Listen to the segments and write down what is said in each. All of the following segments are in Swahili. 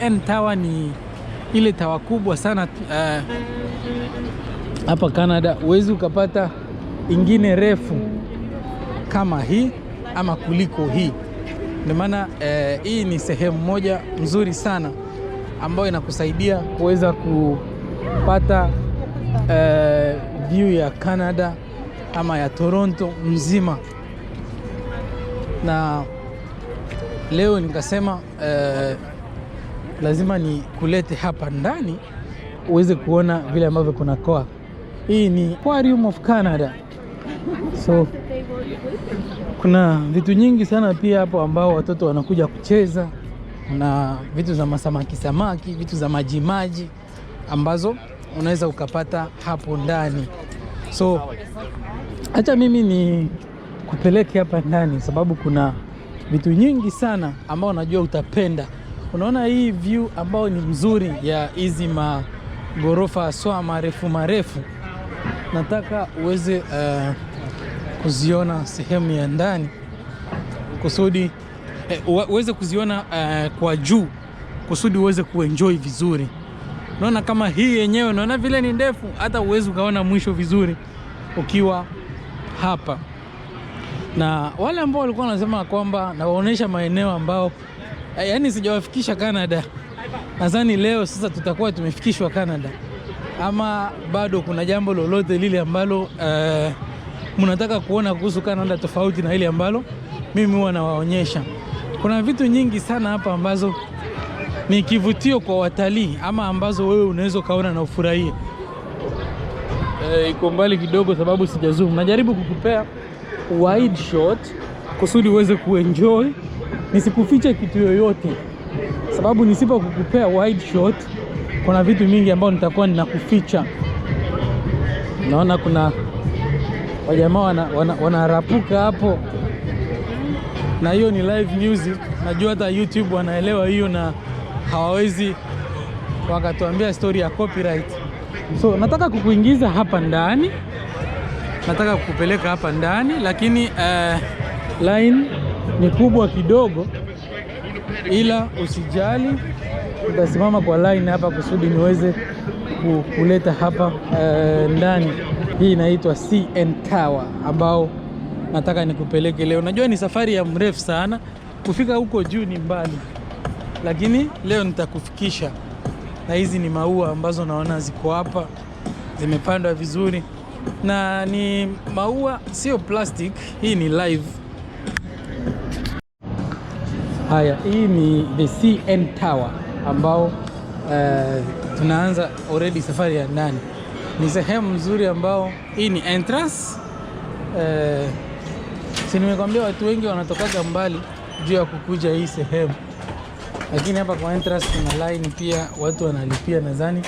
CN Tower ni ile tawa kubwa sana eh, hapa uh, Canada. Huwezi ukapata ingine refu kama hii ama kuliko hii. Ndio maana uh, hii ni sehemu moja nzuri sana ambayo inakusaidia kuweza kupata uh, view ya Canada ama ya Toronto mzima na leo nikasema uh, lazima ni kulete hapa ndani uweze kuona vile ambavyo kuna koa. Hii ni Aquarium of Canada. So kuna vitu nyingi sana pia hapo ambao watoto wanakuja kucheza na vitu za masamaki samaki, vitu za maji maji ambazo unaweza ukapata hapo ndani. So acha mimi ni kupeleke hapa ndani, sababu kuna vitu nyingi sana ambao najua utapenda. Unaona hii view ambayo ni mzuri ya hizi maghorofa swa marefu marefu, nataka uweze uh, kuziona sehemu ya ndani kusudi eh, uweze kuziona uh, kwa juu kusudi uweze kuenjoy vizuri. Unaona kama hii yenyewe, unaona vile ni ndefu, hata uwezi ukaona mwisho vizuri ukiwa hapa. Na wale ambao walikuwa wanasema kwamba nawaonyesha maeneo ambao Eh, yaani sijawafikisha Canada. Nadhani leo sasa tutakuwa tumefikishwa Canada, ama bado kuna jambo lolote lile ambalo uh, mnataka kuona kuhusu Canada tofauti na ile ambalo mimi huwa nawaonyesha. Kuna vitu nyingi sana hapa ambazo ni kivutio kwa watalii ama ambazo wewe unaweza ukaona na ufurahie. Eh, iko mbali kidogo sababu sijazoom, najaribu kukupea wide shot kusudi uweze kuenjoy nisikufiche kitu yoyote, sababu nisipo kukupea wide shot, kuna vitu mingi ambayo nitakuwa ninakuficha. Naona kuna wajamaa wanarapuka wana, wana hapo, na hiyo ni live music. Najua hata YouTube wanaelewa hiyo na hawawezi wakatuambia story ya copyright. So nataka kukuingiza hapa ndani, nataka kukupeleka hapa ndani, lakini uh, line ni kubwa kidogo, ila usijali, utasimama kwa line hapa kusudi niweze kuleta hapa uh, ndani. Hii inaitwa CN Tower ambao nataka nikupeleke leo. Najua ni safari ya mrefu sana kufika huko juu, ni mbali, lakini leo nitakufikisha. Na hizi ni maua ambazo naona ziko hapa, zimepandwa vizuri, na ni maua sio plastic. Hii ni live Haya, hii ni the CN Tower ambao uh, tunaanza already safari ya ndani. Ni sehemu nzuri ambao hii ni entrance uh, si nimekwambia watu wengi wanatokaga mbali juu ya kukuja hii sehemu, lakini hapa kwa entrance kuna line pia watu wanalipia. Nadhani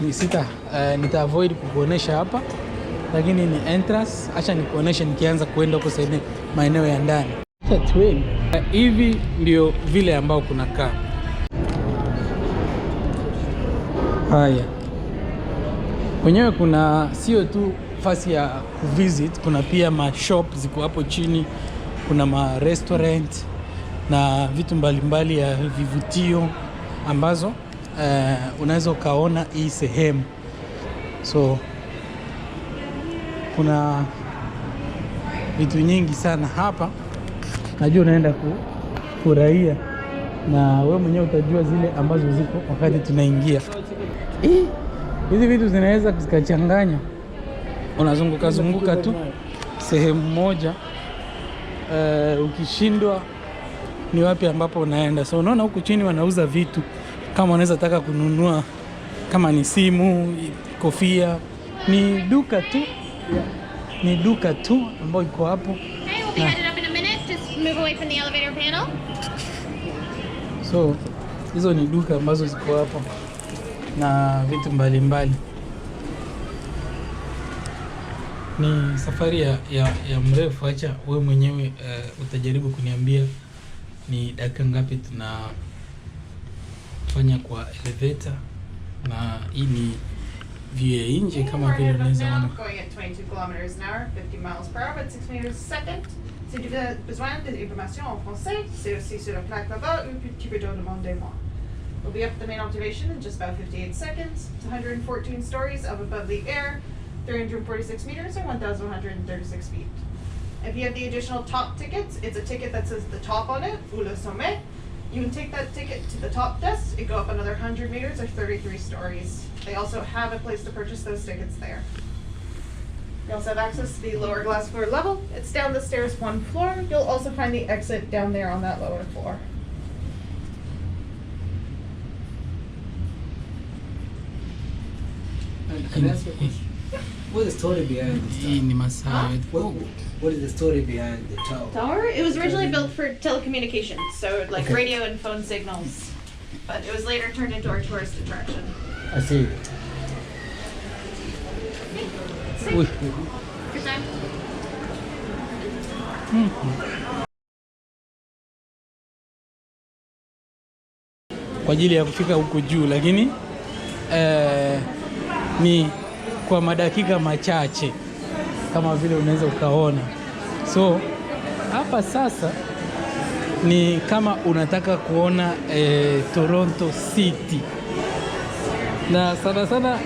ni sita uh, nita avoid kukuonesha hapa, lakini ni entrance. Acha nikuoneshe nikianza kuenda huko maeneo ya ndani. Twin. Hivi ndio vile ambao kaa Haya, wenyewe kuna sio tu fasi ya kuvisit, kuna pia mashop ziko hapo chini, kuna marestaurant na vitu mbalimbali mbali ya vivutio ambazo uh, unaweza ukaona hii sehemu. So kuna vitu nyingi sana hapa najua unaenda kufurahia na we mwenyewe utajua zile ambazo ziko wakati tunaingia. Eh. Hizi vitu zinaweza zikachanganywa unazunguka zunguka tu sehemu moja uh, ukishindwa ni wapi ambapo unaenda. So unaona huku chini wanauza vitu kama unaweza taka kununua, kama ni simu, kofia. Ni duka tu, ni duka tu ambayo iko hapo move away from the elevator panel. So, hizo ni duka ambazo ziko hapo na vitu mbalimbali mbali. Ni safari ya, ya, ya mrefu. hacha we mwenyewe uh, utajaribu kuniambia ni dakika ngapi tunafanya kwa elevator, na hii ni view ya nje kama vile unaweza Si tu as besoin d'informations en français, c'est aussi sur la plaque là-bas ou tu peux te demander moi. We'll be up at the main observation in just about 58 seconds. It's 114 stories up above the air, 346 meters or 1,136 feet. If you have the additional top tickets, it's a ticket that says the top on it, ou le sommet. You can take that ticket to the top desk and go up another 100 meters or 33 stories. They also have a place to purchase those tickets there. You also have access to the lower glass floor level. It's down the stairs one floor. You'll also find the exit down there on that lower floor. Can I ask What's the story behind this tower? What, what is the story behind the tower? Tower? It was originally built for telecommunications, so like Okay. radio and phone signals. But it was later turned into our tourist attraction. I see. Hmm. kwa ajili ya kufika huko juu, lakini eh, ni kwa madakika machache kama vile unaweza ukaona. So hapa sasa ni kama unataka kuona eh, Toronto City, na sana sana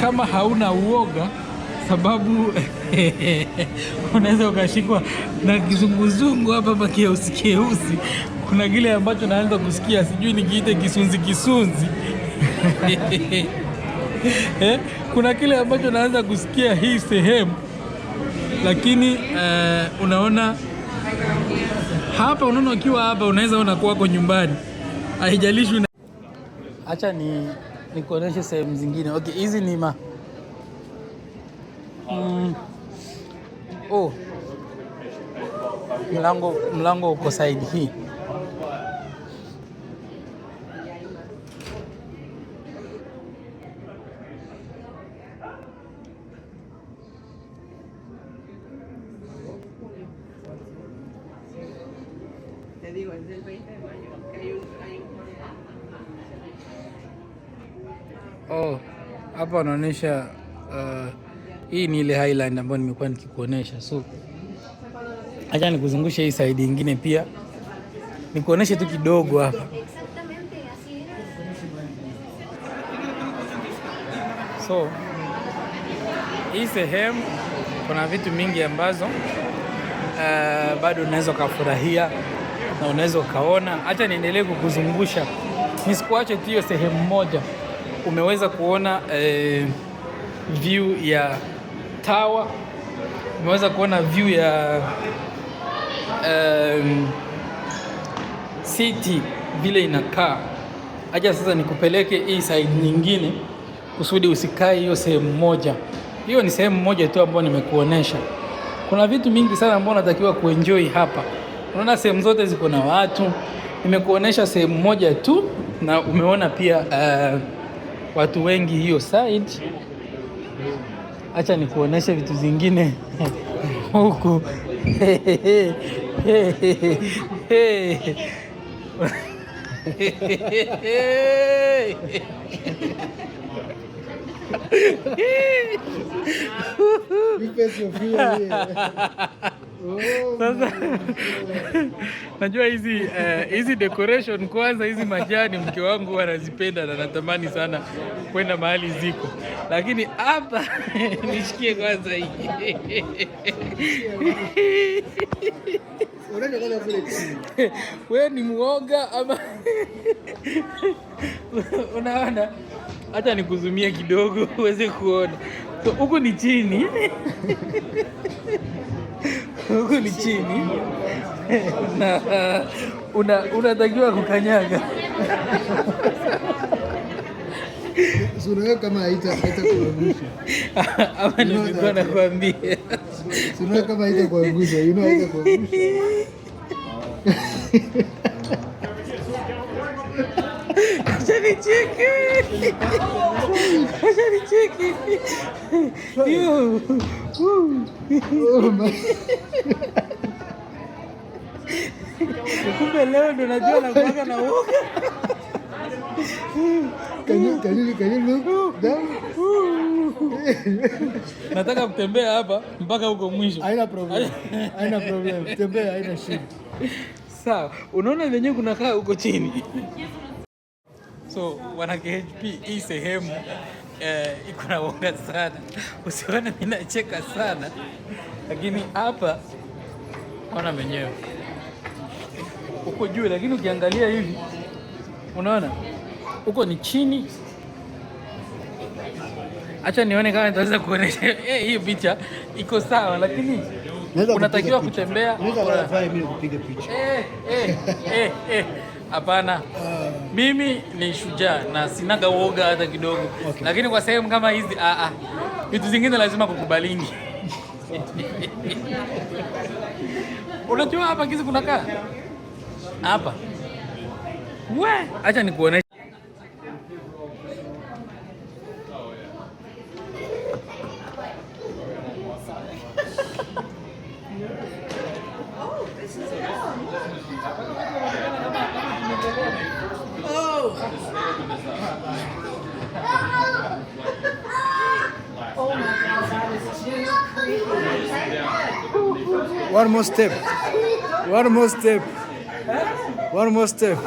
kama hauna uoga sababu unaweza ukashikwa na kizunguzungu hapa pakeusi keusi. Kuna kile ambacho naanza kusikia, sijui nikiite kisunzi kisunzi eh, kuna kile ambacho naanza kusikia hii sehemu, lakini uh, unaona hapa, unaona ukiwa hapa unaweza ona kwako nyumbani, haijalishi. Acha ni nikuoneshe sehemu zingine. Okay, hizi ni ma Mm. Oh. Mlango mlango uko side hii. Oh, hapa anaonyesha uh, hii ni ile highland ambayo nimekuwa nikikuonesha, so acha nikuzungushe hii side nyingine pia nikuoneshe tu kidogo hapa. So hii sehemu kuna vitu mingi ambazo uh, bado unaweza ukafurahia na unaweza ukaona. Hata niendelee kukuzungusha, nisikuache tu hiyo sehemu moja. Umeweza kuona uh, view ya tower umeweza kuona view ya um, city vile inakaa. Acha sasa nikupeleke hii side nyingine kusudi usikae hiyo sehemu moja. Hiyo ni sehemu moja tu ambayo nimekuonesha. Kuna vitu mingi sana ambayo unatakiwa kuenjoy hapa. Unaona sehemu zote ziko na watu. Nimekuonesha sehemu moja tu na umeona pia uh, watu wengi hiyo side. Acha nikuoneshe vitu zingine huku. Sasa najua hizi eh, hizi uh, decoration kwanza, hizi majani mke wangu anazipenda na natamani sana kwenda mahali ziko, lakini hapa nishikie kwanza hii wewe ni mwoga ama unaona hata nikuzumia kidogo uweze kuona. Huku ni chini, huku ni chini na unatakiwa una kukanyaga ama nilikuwa nakwambia Ashanicheki, ashanicheki. Oh, Kumbe leo ndo najua nakuaga na uoga. Nataka kutembea hapa mpaka huko mwisho. Haina problem. Haina problem. haina Sawa, unaona vyenyewe kunakaa huko chini So wana KHP, hii sehemu eh, iko na woga sana. Usione mimi nacheka sana, lakini hapa ona mwenyewe uko juu, lakini ukiangalia hivi unaona huko ni chini. Acha nione kama nitaweza kuonesha eh, hii picha iko sawa, lakini unatakiwa kutembea. Eh, eh, eh, Hapana. Ah. Mimi ni shujaa na sinaga woga hata kidogo okay. Lakini kwa sehemu kama hizi ah, ah. vitu zingine lazima kukubalingi. Unajua hapa kizi kunakaa hapa, we acha nikuoneshe. more step. One more step. One more step.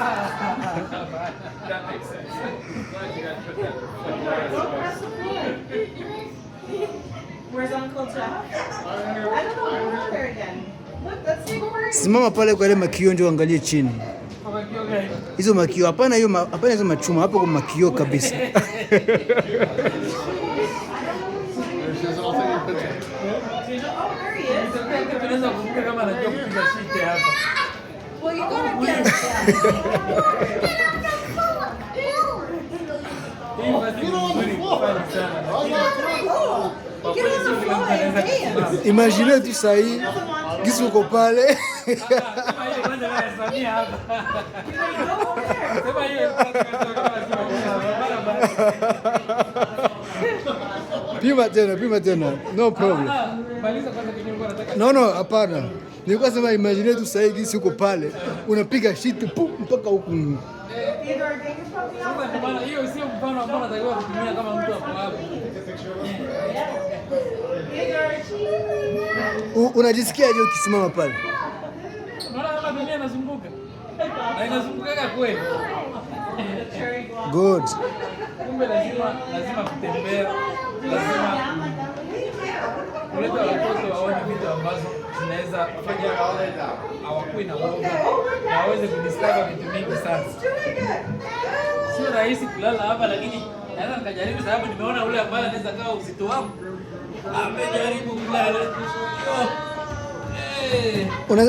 Where's Uncle I don't know where again. Look, let's see where we're Simama pale kwa ile makio ndio angalie chini. Hizo makio hapana hiyo hapana hizo machuma hapo kwa makio kabisa. Imagine tu saa hii gisi pale pima tena, pima tena, no problem. No, no, hapana. Nilikuwa sema imagine tu sasa hivi siko pale unapiga shit pum mpaka huku. Hiyo sio mfano ambao natakiwa kutumia kama mtu hapo hapo. Unajisikiaje ukisimama pale? Good. Kumbe lazima lazima kutembea. Lazima kuleta watoto waone vitu ambazo zinaweza kufanya hawakui na woga na waweze kudiscover vitu mingi sana. Sio rahisi kulala hapa, lakini naweza nikajaribu, sababu nimeona ule ambaye anaweza kawa uzito wangu amejaribu kulala.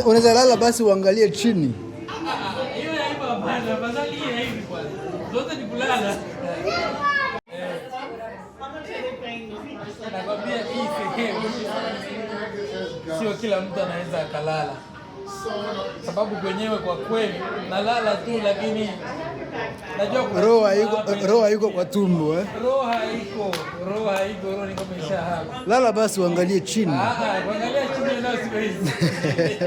Unaweza lala basi uangalie chini. zote ah, ah, ah, ni kulala. kila mtu anaweza akalala, sababu kwenyewe kwa kweli nalala tu, lakini najua roho haiko, roho haiko kwa tumbo eh, roho haiko, roho haiko, roho niko mesha hapa. Lala basi uangalie chini, Ah, ah uangalie chini na siku hizi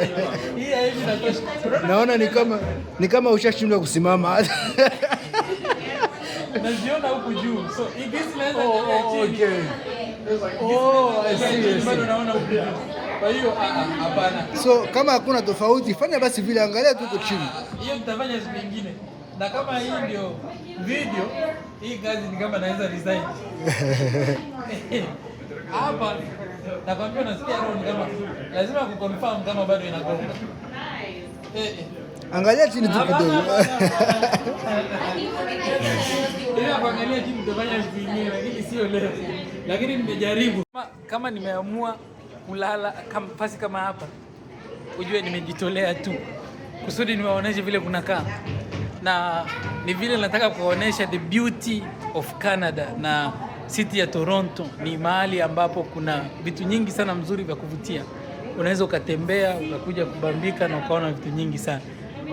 hii hivi natosha. Naona ni kama ni kama ushashindwa kusimama naziona huku juu, so ikisi naweza oh, kuangalia chini. Oh, okay. Oh, I see. Bado naona huku juu. Kwa hiyo ah, ah, hapana. So kama hakuna tofauti, fanya basi vile, angalia tu huko chini. Ah, hiyo mtafanya siku nyingine, na kama hii ndio video hii kazi ni kama naweza resign hapa. Nakwambia, nasikia roho ni kama lazima ku confirm kama bado inagonga. Eh, eh. angalia chini tu kidogo kuangalia chini, mtafanya siku nyingine, lakini sio leo. Lakini nimejaribu kama nimeamua kulala kampasi kama hapa, ujue nimejitolea tu kusudi niwaoneshe vile kunakaa, na ni vile nataka kuonesha the beauty of Canada na city ya Toronto. Ni mahali ambapo kuna vitu nyingi sana mzuri vya kuvutia, unaweza ukatembea ukakuja kubambika na ukaona vitu nyingi sana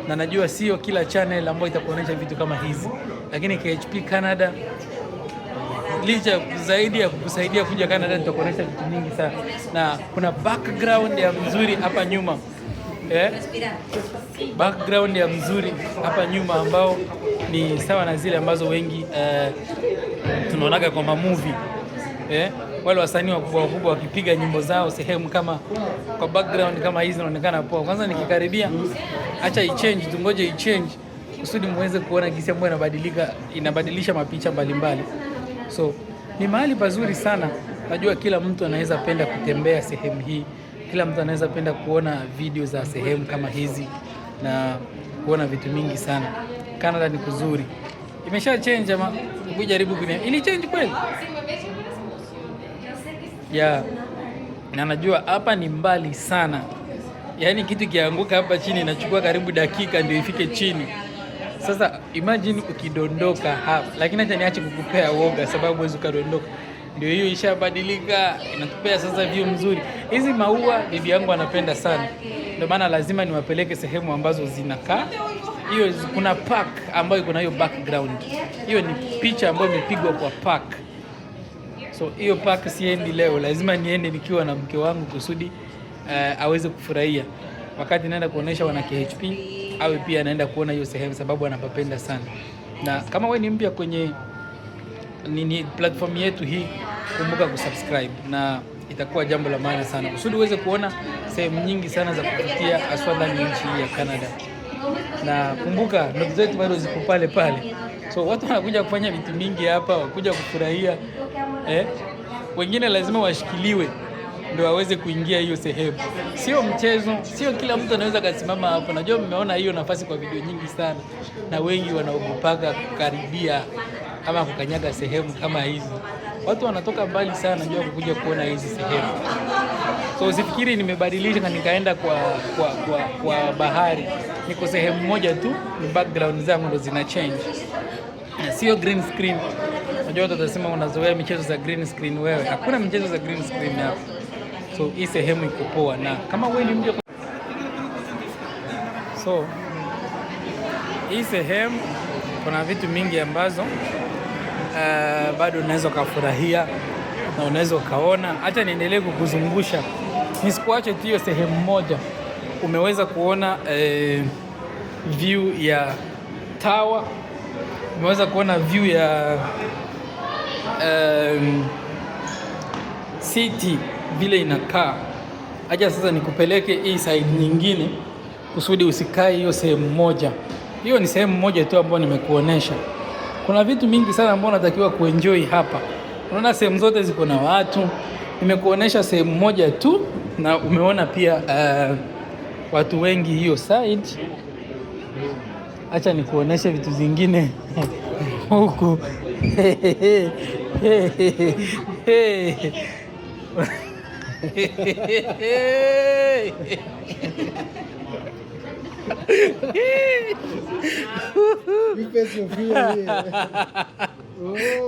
na najua sio kila channel ambayo itakuonyesha vitu kama hizi, lakini KHP Canada licha zaidi ya kukusaidia kuja Canada, nitakuonesha vitu mingi sana, na kuna background ya mzuri hapa nyuma eh? background ya mzuri hapa nyuma ambao ni sawa na zile ambazo wengi eh, tunaonaga kwa movie eh? wale wasanii wakubwa wakubwa wakipiga nyimbo zao sehemu kama kwa background kama hizi inaonekana poa. Kwanza nikikaribia, acha ichange, tungoje ichange kusudi muweze kuona gisi ambayo inabadilika, inabadilisha mapicha mbalimbali mbali. So ni mahali pazuri sana. Najua kila mtu anaweza penda kutembea sehemu hii, kila mtu anaweza penda kuona video za sehemu kama hizi na kuona vitu mingi sana. Canada ni kuzuri, imesha change ama kujaribu kunia ili change kweli yeah. Na najua hapa ni mbali sana, yaani kitu kianguka hapa chini inachukua karibu dakika ndio ifike chini. Sasa imagine ukidondoka hapa, lakini acha niache kukupea woga, sababu huwezi ukadondoka. Ndio hiyo ishabadilika, inatupea sasa view mzuri. Hizi maua bibi yangu anapenda sana, ndio maana lazima niwapeleke sehemu ambazo zinakaa hiyo. Kuna park ambayo kuna hiyo background, hiyo ni picha ambayo imepigwa kwa park. So hiyo park siendi leo, lazima niende nikiwa na mke wangu kusudi uh, aweze kufurahia wakati naenda kuonesha wana KHP awe pia anaenda kuona hiyo sehemu, sababu anapapenda sana. Na kama wewe ni mpya kwenye nini platform yetu hii, kumbuka kusubscribe na itakuwa jambo la maana sana kusudi uweze kuona sehemu nyingi sana za kuvutia haswa ndani ya nchi hii ya Canada. Na kumbuka ndugu zetu bado ziko pale pale, so watu wanakuja kufanya vitu mingi hapa, wakuja kufurahia eh. Wengine lazima washikiliwe ndio aweze kuingia hiyo sehemu. Sio mchezo, sio kila mtu anaweza kusimama hapo. Najua mmeona hiyo nafasi kwa video nyingi sana, na wengi wanaogopaka kukaribia ama kukanyaga sehemu kama hizi. Watu wanatoka mbali sana jua kukuja kuona hizi sehemu, so usifikiri nimebadilisha na nikaenda kwa, kwa, kwa, kwa bahari. Niko sehemu moja tu, ni background zangu ndo zina change, sio green screen. Unajua watu watasema unazoea michezo za green screen. Wewe hakuna michezo za green screen hapa so hii sehemu iko poa, na kama wewe ni mja so hii sehemu kuna vitu mingi ambazo uh, bado unaweza ukafurahia na unaweza ukaona. Hata niendelee kukuzungusha nisikuache tu hiyo sehemu moja. Umeweza kuona uh, view ya tower, umeweza kuona view ya um, city vile inakaa, acha sasa nikupeleke hii side nyingine kusudi usikae hiyo sehemu moja. Hiyo ni sehemu moja tu ambayo nimekuonesha. Kuna vitu mingi sana ambayo natakiwa kuenjoy hapa. Unaona sehemu zote ziko na watu, nimekuonesha sehemu moja tu, na umeona pia uh, watu wengi hiyo side. Acha nikuoneshe vitu zingine huku.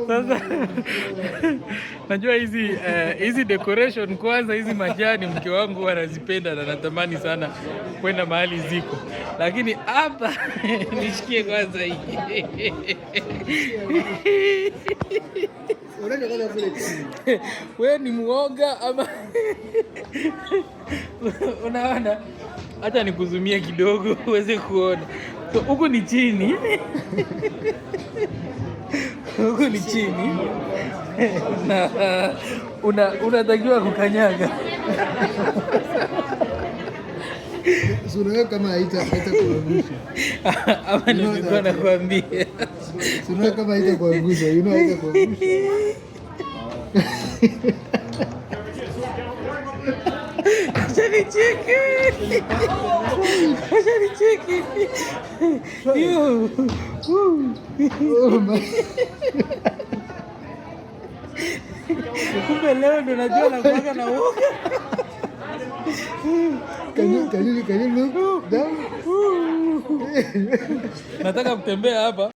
Sasa najua hizi eh, hizi decoration kwanza, hizi majani mke wangu anazipenda na natamani sana kwenda mahali ziko, lakini hapa nishikie kwanza hii wewe ni muoga ama? Unaona, hata nikuzumia kidogo uweze kuona huku. So, ni chini huku ni chini na unatakiwa kukanyaga sura kama haita haita kuonyesha ama nilikuwa nakwambia Sura kama haita kuangusha, kuangusha. Acha nicheke. Acha nicheke. Yo. Oh my. Kumbe leo ndo najua na Nataka kutembea hapa